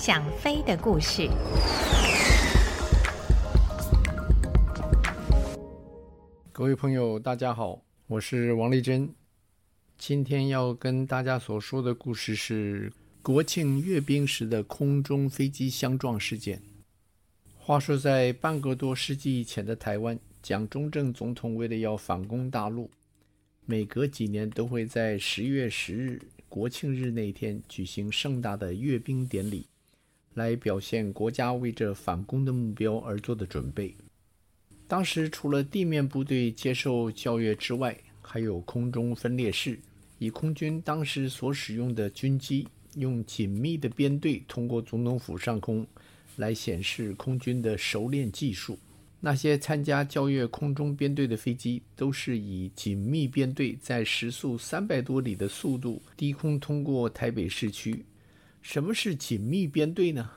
想飛的故事。各位朋友，大家好，我是王麗珍。今天要跟大家所說的故事是國慶閱兵時的空中飛機相撞事件。話說，在半個多世紀以前的台灣，蔣中正總統為了要反攻大陸，每隔幾年都會在十月十日國慶日那天舉行盛大的閱兵典禮。來表現國家為著反攻的目標而做的準備。當時除了地面部隊接受教閱之外，還有空中分列式，以空軍當時所使用的軍機，用緊密的編隊通過總統府上空，來顯示空軍的熟練技術。那些參加教閱空中編隊的飛機，都是以緊密編隊，在時速三百多里的速度低空通過台北市區。什麼是緊密編隊呢？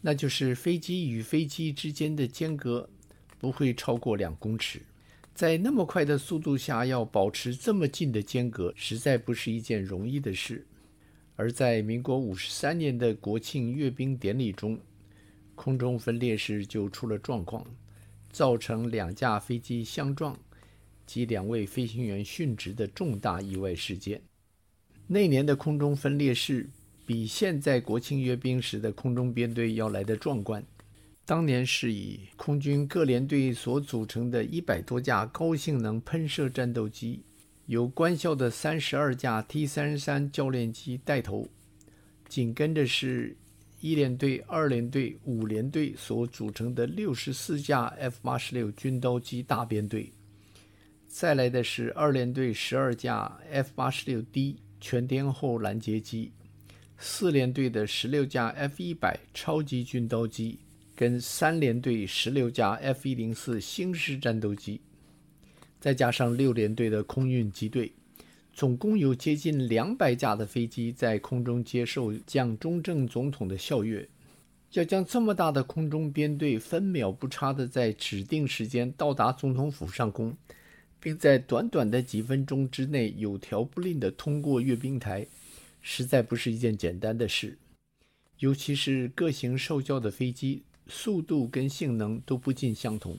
那就是飛機與飛機之間的間隔不會超過兩公尺。在那麼快的速度下，要保持這麼近的間隔，實在不是一件容易的事。而在民國五十三年的國慶閱兵典禮中，空中分列式就出了狀況，造成兩架飛機相撞及兩位飛行員殉職的重大意外事件。那年的空中分列式，比現在國慶閱兵時的空中編隊要來的壯觀。當年是以空軍各聯隊所組成的一百多架高性能噴射戰鬥機，由官校的三十二架 T 三十三教練機帶頭，緊跟着是一聯隊、二聯隊、五聯隊所組成的六十四架 F 八十六軍刀機大編隊，再來的是二聯隊十二架 F 八十六 D 全天候攔截機。四聯隊的十六架 F-100 超級軍刀機，跟三聯隊十六架 F-104 星式戰鬥機，再加上六聯隊的空運機隊，總共有接近兩百架的飛機在空中接受蔣中正總統的校閱。要將這麼大的空中編隊分秒不差的在指定時間到達總統府上空，並在短短的幾分鐘之內有條不紊的通過閱兵台。實在不是一件簡單的事，尤其是各型受教的飛機，速度跟性能都不盡相同，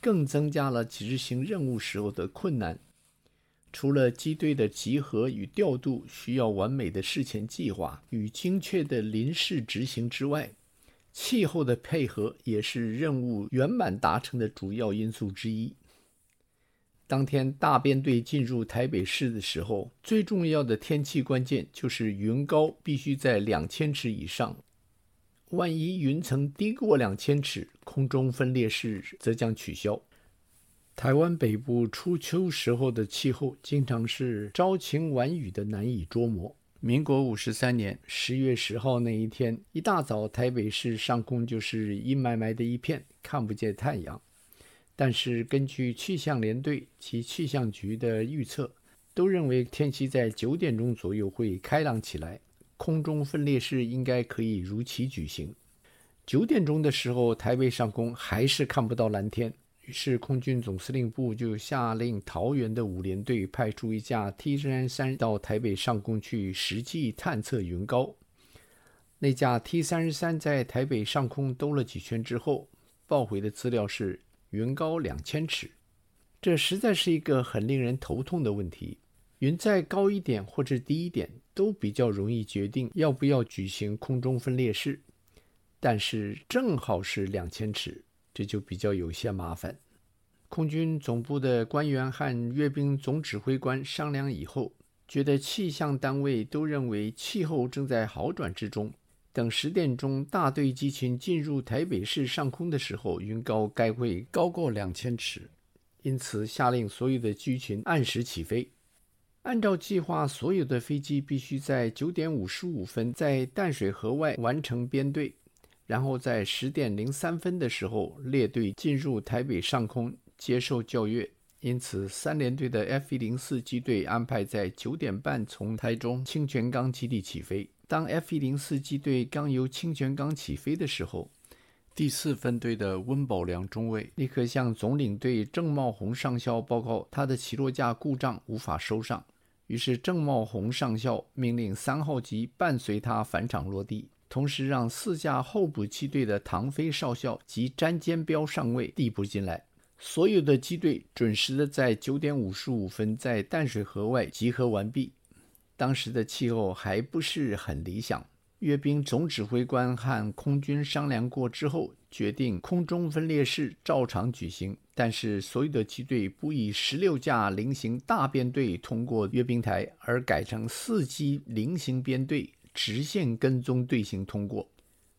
更增加了執行任務時候的困難。除了機隊的集合與調度需要完美的事前計劃與精確的臨時執行之外，氣候的配合也是任務圓滿達成的主要因素之一。當天大編隊進入台北市的時候，最重要的天氣關鍵就是雲高必須在兩千尺以上。萬一雲層低過兩千尺，空中分列式則將取消。台灣北部初秋時候的氣候經常是朝晴晚雨的，難以捉摸。民國五十三年十月十號那一天，一大早台北市上空就是陰霾霾的一片，看不見太陽。但是，根據氣象聯隊及氣象局的預測，都認為天氣在九點鐘左右會開朗起來，空中分列式應該可以如期舉行。九點鐘的時候，台北上空還是看不到藍天，於是空軍總司令部就下令桃園的五聯隊派出一架 T 三十三到台北上空去實際探測雲高。那架 T 三十三在台北上空兜了幾圈之後，報回的資料是。雲高兩千尺，這實在是一個很令人頭痛的問題。雲再高一點或者低一點，都比較容易決定要不要舉行空中分列式，但是正好是兩千尺，這就比較有些麻煩。空軍總部的官員和閱兵總指揮官商量以後，覺得氣象單位都認為氣候正在好轉之中。等十點鐘大隊機群進入台北市上空的時候，雲高該會高過兩千尺，因此下令所有的機群按時起飛。按照計劃，所有的飛機必須在九點五十五分在淡水河外完成編隊，然後在十點零三分的時候列隊進入台北上空接受校閱。因此，三聯隊的 F 一零四機隊安排在九點半從台中清泉崗基地起飛。當 F 一零四機隊剛由清泉崗起飛的時候，第四分隊的溫寶良中尉立刻向總領隊鄭茂洪上校報告，他的起落架故障無法收上。於是鄭茂洪上校命令三號機伴隨他返場落地，同時讓四架候補機隊的唐飛少校及詹堅標上尉遞補進來。所有的機隊準時的在九點五十五分在淡水河外集合完畢。當時的氣候還不是很理想。閱兵總指揮官和空軍商量過之後，決定空中分列式照常舉行，但是所有的機隊不以十六架菱形大編隊通過閱兵台，而改成四機菱，菱形編隊直線跟蹤隊形通過。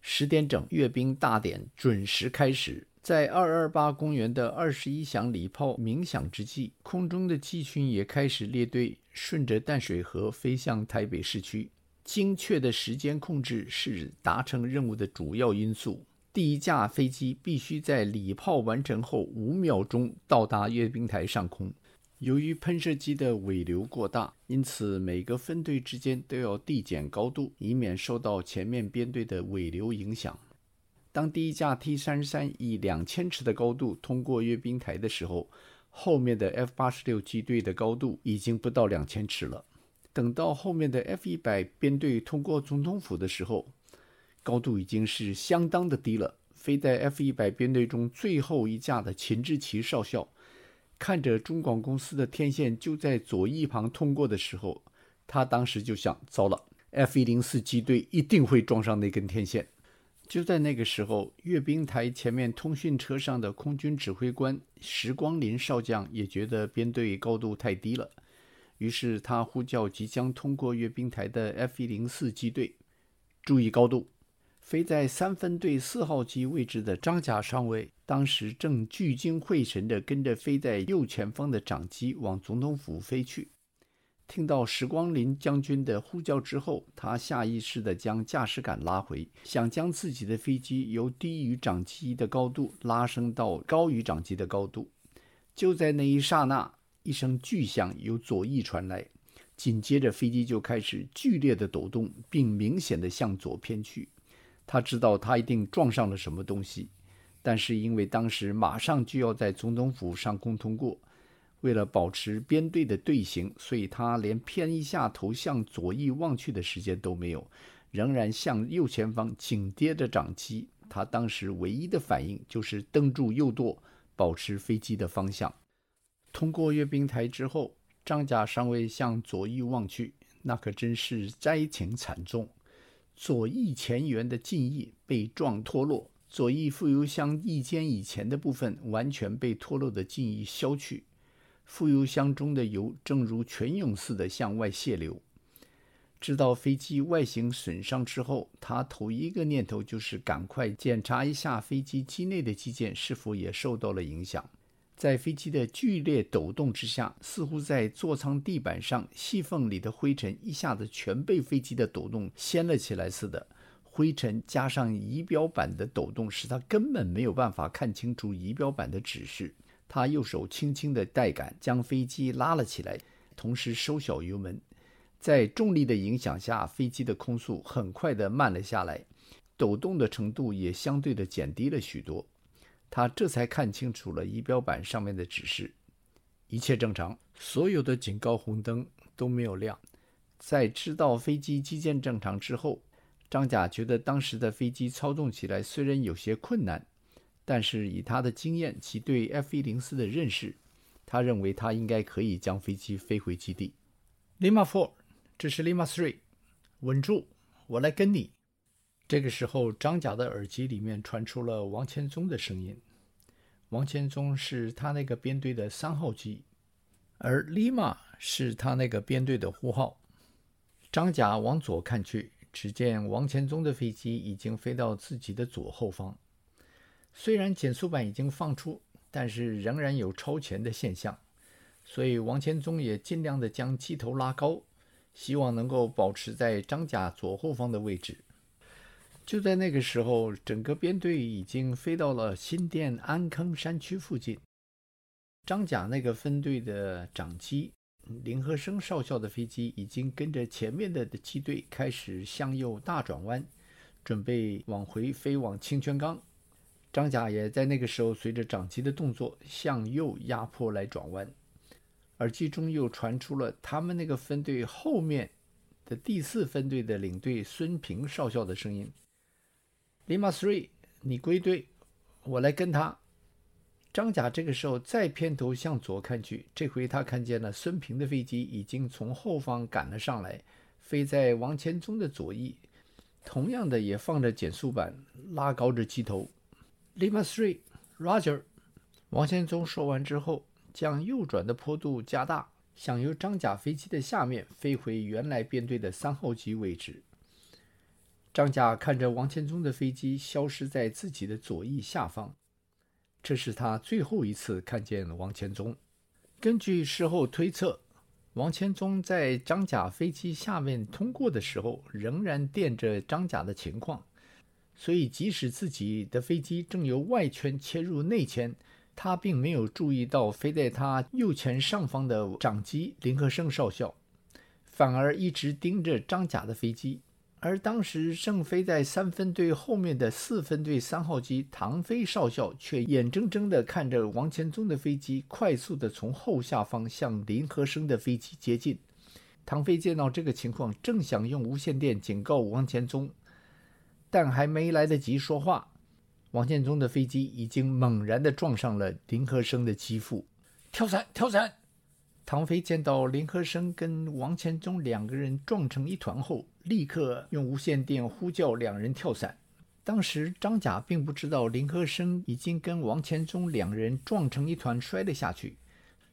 十點整，閱兵大典準時開始。在二二八公園的二十一響禮炮鳴響之際，空中的機群也開始列隊，順着淡水河飛向台北市區。精確的時間控制是達成任務的主要因素。第一架飛機必須在禮炮完成後五秒鐘到達閱兵台上空。由於噴射機的尾流過大，因此每個分隊之間都要遞減高度，以免受到前面編隊的尾流影響。當第一架 T-33 以兩千尺的高度通過閱兵台的時候，後面的 F-86 機隊的高度已經不到兩千尺了。等到後面的 F-100 編隊通過總統府的時候，高度已經是相當的低了。飛在 F-100 編隊中最後一架的秦志奇少校，看着中廣公司的天線就在左翼旁通過的時候，他當時就想：糟了，F 一零四機隊一定會撞上那根天線。就在那個時候，閱兵台前面通訊車上的空軍指揮官石光臨少將也覺得編隊高度太低了，於是他呼叫即將通過閱兵台的 F 一零四機隊，注意高度。飛在三分隊四號機位置的張甲上尉，當時正聚精會神地跟着飛在右前方的長機往總統府飛去。聽到石光臨將軍的呼叫之後，他下意識地將駕駛桿拉回，想將自己的飛機由低於長機的高度拉升到高於長機的高度。就在那一剎那，一聲巨響由左翼傳來，緊接着飛機就開始劇烈的抖動，並明顯地向左偏去。他知道他一定撞上了什麼東西，但是因為當時馬上就要在總統府上空通過，為了保持編隊的隊形，所以他連偏一下頭向左翼望去的時間都沒有，仍然向右前方緊貼着長機。他當時唯一的反應就是蹬住右舵，保持飛機的方向。通過閱兵台之後，張甲上尉向左翼望去，那可真是災情慘重。左翼前緣的襟翼被撞脫落，左翼副油箱翼尖以前的部分完全被脫落的襟翼削去，副油箱中的油正如泉湧似的向外洩流。知道飛機外形損傷之後，他頭一個念頭就是趕快檢查一下飛機機內的機件是否也受到了影響。在飛機的劇烈抖動之下，似乎在座艙地板上細縫裡的灰塵一下子全被飛機的抖動掀了起來似的。灰塵加上儀表板的抖動，使他根本沒有辦法看清楚儀表板的指示。他右手輕輕的帶桿，將飛機拉了起來，同時收小油門。在重力的影響下，飛機的空速很快的慢了下來，抖動的程度也相對的減低了許多。他這才看清楚了儀表板上面的指示，一切正常，所有的警告紅燈都沒有亮。在知道飛機機件正常之後，張甲覺得當時的飛機操縱起來雖然有些困難，但是以他的經驗及對 F-104 的認識，他認為他應該可以將飛機飛回基地。Lima Four，這是 Lima Three，穩住，我來跟你。這個時候，張甲的耳機裡面傳出了王千宗的聲音。王千宗是他那個編隊的三號機，而利馬是他那個編隊的呼號。張甲往左看去，只見王千宗的飛機已經飛到自己的左後方。雖然減速板已經放出，但是仍然有超前的現象，所以王千宗也盡量的將機頭拉高，希望能夠保持在張甲左後方的位置。就在那個時候，整個編隊已經飛到了新店安坑山區附近。張甲那個分隊的長機林和生少校的飛機已經跟着前面的的機隊開始向右大轉彎，準備往回飛往清泉崗。張甲也在那個時候隨着長機的動作向右壓坡來轉彎。耳機中又傳出了他們那個分隊後面的第四分隊的領隊孫平少校的聲音。Lima three，你歸隊，我來跟他。張甲這個時候再偏頭向左看去，這回他看見了孫平的飛機已經從後方趕了上來，飛在王前宗的左翼，同樣的也放着減速板，拉高着機頭。Lima three，Roger。王前宗說完之後，將右轉的坡度加大，想由張甲飛機的下面飛回原來編隊的三號機位置。張甲看着王千宗的飛機消失在自己的左翼下方，這是他最後一次看見王千宗。根據事後推測，王千宗在張甲飛機下面通過的時候，仍然惦著張甲的情況，所以即使自己的飛機正由外圈切入內圈，他並沒有注意到飛在他右前上方的長機林和生少校，反而一直盯着張甲的飛機。而當時，正飛在三分隊後面的四分隊三號機唐飛少校卻眼睜睜的看着王前宗的飛機快速的從後下方向林和生的飛機接近。唐飛見到這個情況，正想用無線電警告王前宗，但還沒來得及說話，王建宗的飛機已經猛然的撞上了林和生的機腹。跳傘！跳傘！唐飛見到林和生跟王前宗兩個人撞成一團後。立刻用無線電呼叫兩人跳傘。當時張甲並不知道林和生已經跟王前宗兩人撞成一團摔了下去，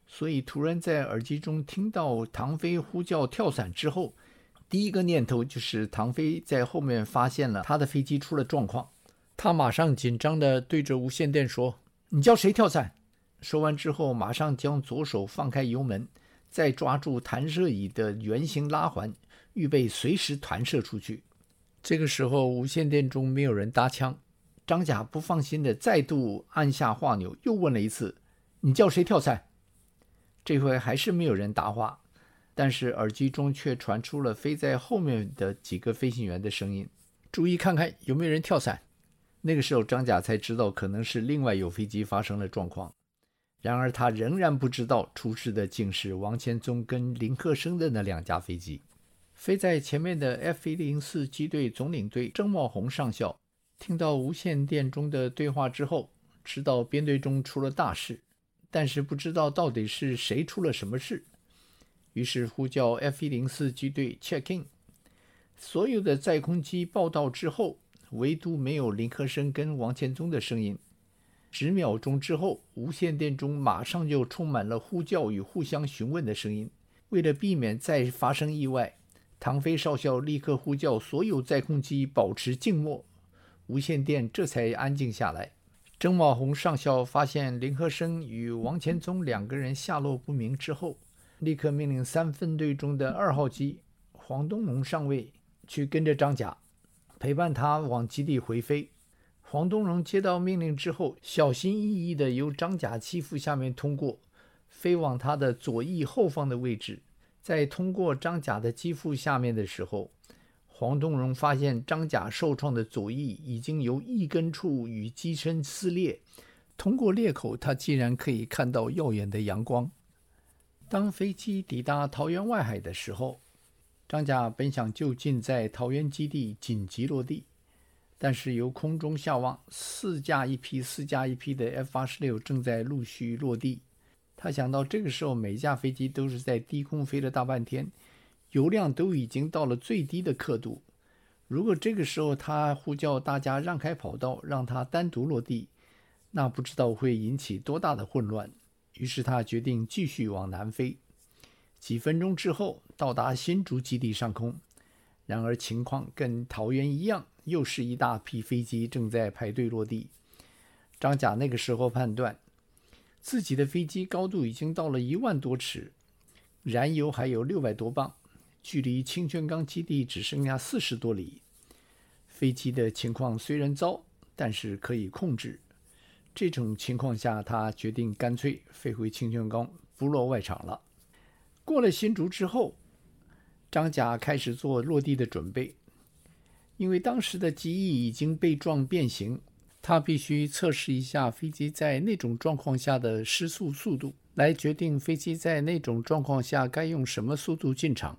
所以突然在耳機中聽到唐飛呼叫跳傘之後，第一個念頭就是唐飛在後面發現了他的飛機出了狀況。他馬上緊張地對着無線電說：“你叫誰跳傘？”說完之後，馬上將左手放開油門，再抓住彈射椅的圓形拉環。預備隨時彈射出去。這個時候，無線電中沒有人搭腔。張甲不放心地再度按下話鈕，又問了一次：“你叫誰跳傘？”這回還是沒有人搭話，但是耳機中卻傳出了飛在後面的幾個飛行員的聲音：“注意看看有沒有人跳傘。”那個時候，張甲才知道可能是另外有飛機發生了狀況。然而，他仍然不知道出事的竟是王千宗跟林克生的那兩架飛機。飛在前面的 F 一零四機隊總領隊鄭茂紅上校聽到無線電中的對話之後，知道編隊中出了大事，但是不知道到底是誰出了什麼事，於是呼叫 F 一零四機隊 check in。所有的在空機報到之後，唯獨沒有林科生跟王建宗的聲音。十秒鐘之後，無線電中馬上就充滿了呼叫與互相詢問的聲音。為了避免再發生意外，唐飛少校立刻呼叫所有在空機保持靜默，無線電這才安靜下來。曾茂宏上校發現林和生與王前聰兩個人下落不明之後，立刻命令三分隊中的二號機黃東龍上尉去跟着張甲，陪伴他往基地回飛。黃東龍接到命令之後，小心翼翼地由張甲機腹下面通過，飛往他的左翼後方的位置。在通過張甲的機腹下面的時候，黃東榮發現張甲受創的左翼已經由翼根處與機身撕裂，通過裂口，他竟然可以看到耀眼的陽光。當飛機抵達桃園外海的時候，張甲本想就近在桃園基地緊急落地，但是由空中下望，四架一批、四架一批的 F 八十六正在陸續落地。他想到這個時候，每架飛機都是在低空飛了大半天，油量都已經到了最低的刻度。如果這個時候他呼叫大家讓開跑道，讓他單獨落地，那不知道會引起多大的混亂。於是他決定繼續往南飛。幾分鐘之後，到達新竹基地上空，然而情況跟桃園一樣，又是一大批飛機正在排隊落地。張甲那個時候判斷。自己的飛機高度已經到了一萬多尺，燃油還有六百多磅，距離清泉崗基地只剩下四十多里。飛機的情況雖然糟，但是可以控制。這種情況下，他決定乾脆飛回清泉崗，不落外場了。過了新竹之後，張甲開始做落地的準備，因為當時的機翼已經被撞變形。他必須測試一下飛機在那種狀況下的失速速度，來決定飛機在那種狀況下該用什麼速度進場。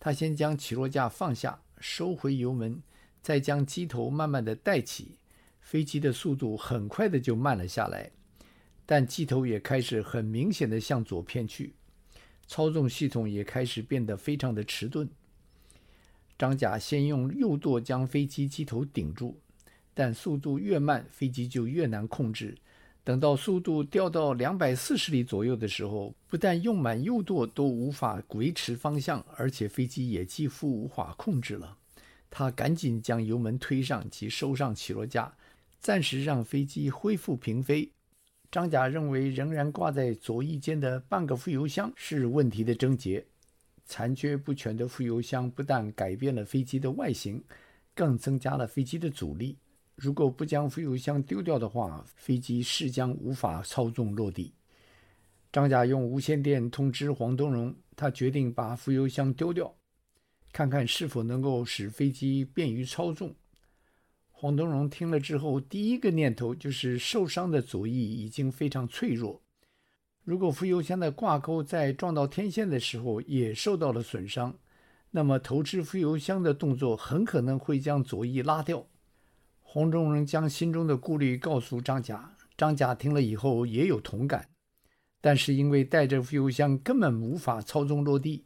他先將起落架放下，收回油門，再將機頭慢慢的帶起。飛機的速度很快地就慢了下來，但機頭也開始很明顯的向左偏去，操縱系統也開始變得非常的遲鈍。張甲先用右舵將飛機機頭頂住。但速度越慢，飛機就越難控制。等到速度掉到兩百四十里左右的時候，不但用滿右舵都無法維持方向，而且飛機也幾乎無法控制了。他趕緊將油門推上及收上起落架，暫時讓飛機恢復平飛。張甲認為，仍然掛在左翼尖的半個副油箱是問題的症結。殘缺不全的副油箱不但改變了飛機的外形，更增加了飛機的阻力。如果不將副油箱丟掉的話，飛機勢將無法操縱落地。張甲用無線電通知黃東榮，他決定把副油箱丟掉，看看是否能夠使飛機便於操縱。黃東榮聽了之後，第一個念頭就是受傷的左翼已經非常脆弱，如果副油箱的掛鈎在撞到天線的時候也受到了損傷，那麼投擲副油箱的動作很可能會將左翼拉掉。洪中仁將心中的顧慮告訴張甲，張甲聽了以後也有同感，但是因為帶着副油箱根本無法操縱落地，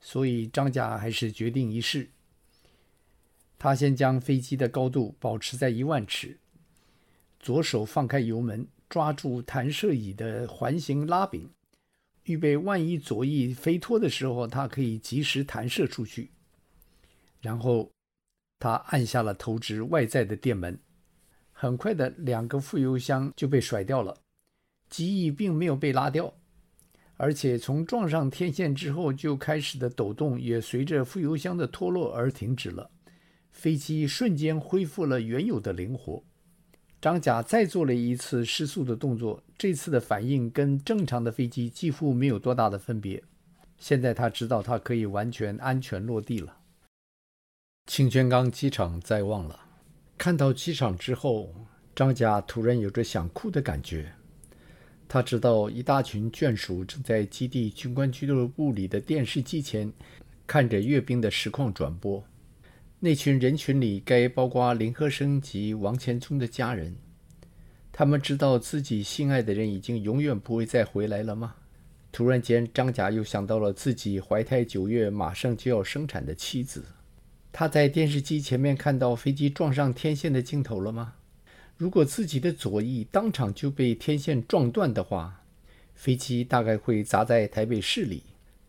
所以張甲還是決定一試。他先將飛機的高度保持在一萬尺，左手放開油門，抓住彈射椅的環形拉柄，預備萬一左翼飛脫的時候，他可以及時彈射出去，然後。他按下了投擲外載的電門，很快的兩個副油箱就被甩掉了，機翼並沒有被拉掉，而且從撞上天線之後就開始的抖動也隨着副油箱的脫落而停止了，飛機瞬間恢復了原有的靈活。張甲再做了一次失速的動作，這次的反應跟正常的飛機幾乎沒有多大的分別。現在他知道他可以完全安全落地了。清泉岡機場在望了。看到機場之後，張甲突然有着想哭的感覺。他知道一大群眷屬正在基地軍官俱樂部裡的電視機前看着閱兵的實況轉播。那群人群裡該包括林和生及王前聰的家人。他們知道自己心愛的人已經永遠不會再回來了嗎？突然間，張甲又想到了自己懷胎九月馬上就要生產的妻子。他在電視機前面看到飛機撞上天線的鏡頭了嗎？如果自己的左翼當場就被天線撞斷的話，飛機大概會砸在台北市裡，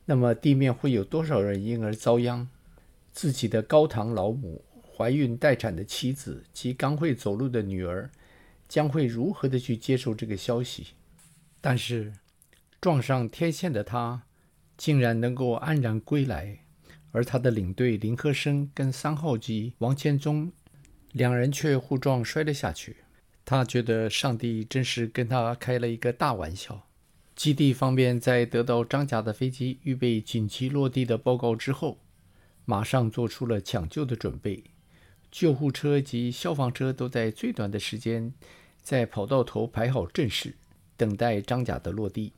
那麼地面會有多少人因而遭殃？自己的高堂老母、懷孕待產的妻子及剛會走路的女兒，將會如何的去接受這個消息？但是撞上天線的他，竟然能夠安然歸來。而他的領隊林科生跟三號機王千宗兩人卻互撞摔了下去。他覺得上帝真是跟他開了一個大玩笑。基地方面在得到張甲的飛機預備緊急落地的報告之後，馬上做出了搶救的準備，救護車及消防車都在最短的時間在跑道頭排好陣勢，等待張甲的落地。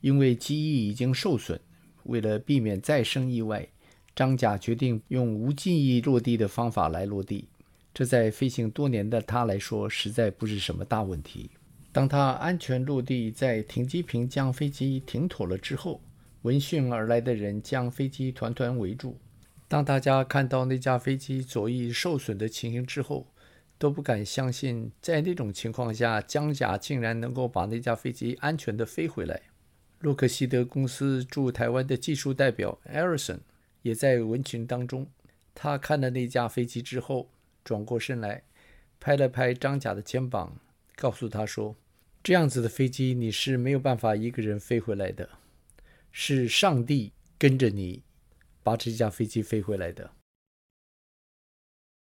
因為機翼已經受損，為了避免再生意外。張甲決定用無記憶落地的方法來落地，這在飛行多年的他來說，實在不是什麼大問題。當他安全落地，在停機坪將飛機停妥了之後，聞訊而來的人將飛機團團圍住。當大家看到那架飛機左翼受損的情形之後，都不敢相信，在那種情況下，張甲竟然能夠把那架飛機安全地飛回來。洛克希德公司駐台灣的技術代表艾瑞森。也在人群當中，他看了那架飛機之後，轉過身來，拍了拍張甲的肩膀，告訴他說：“這樣子的飛機，你是沒有辦法一個人飛回來的，是上帝跟着你，把這架飛機飛回來的。”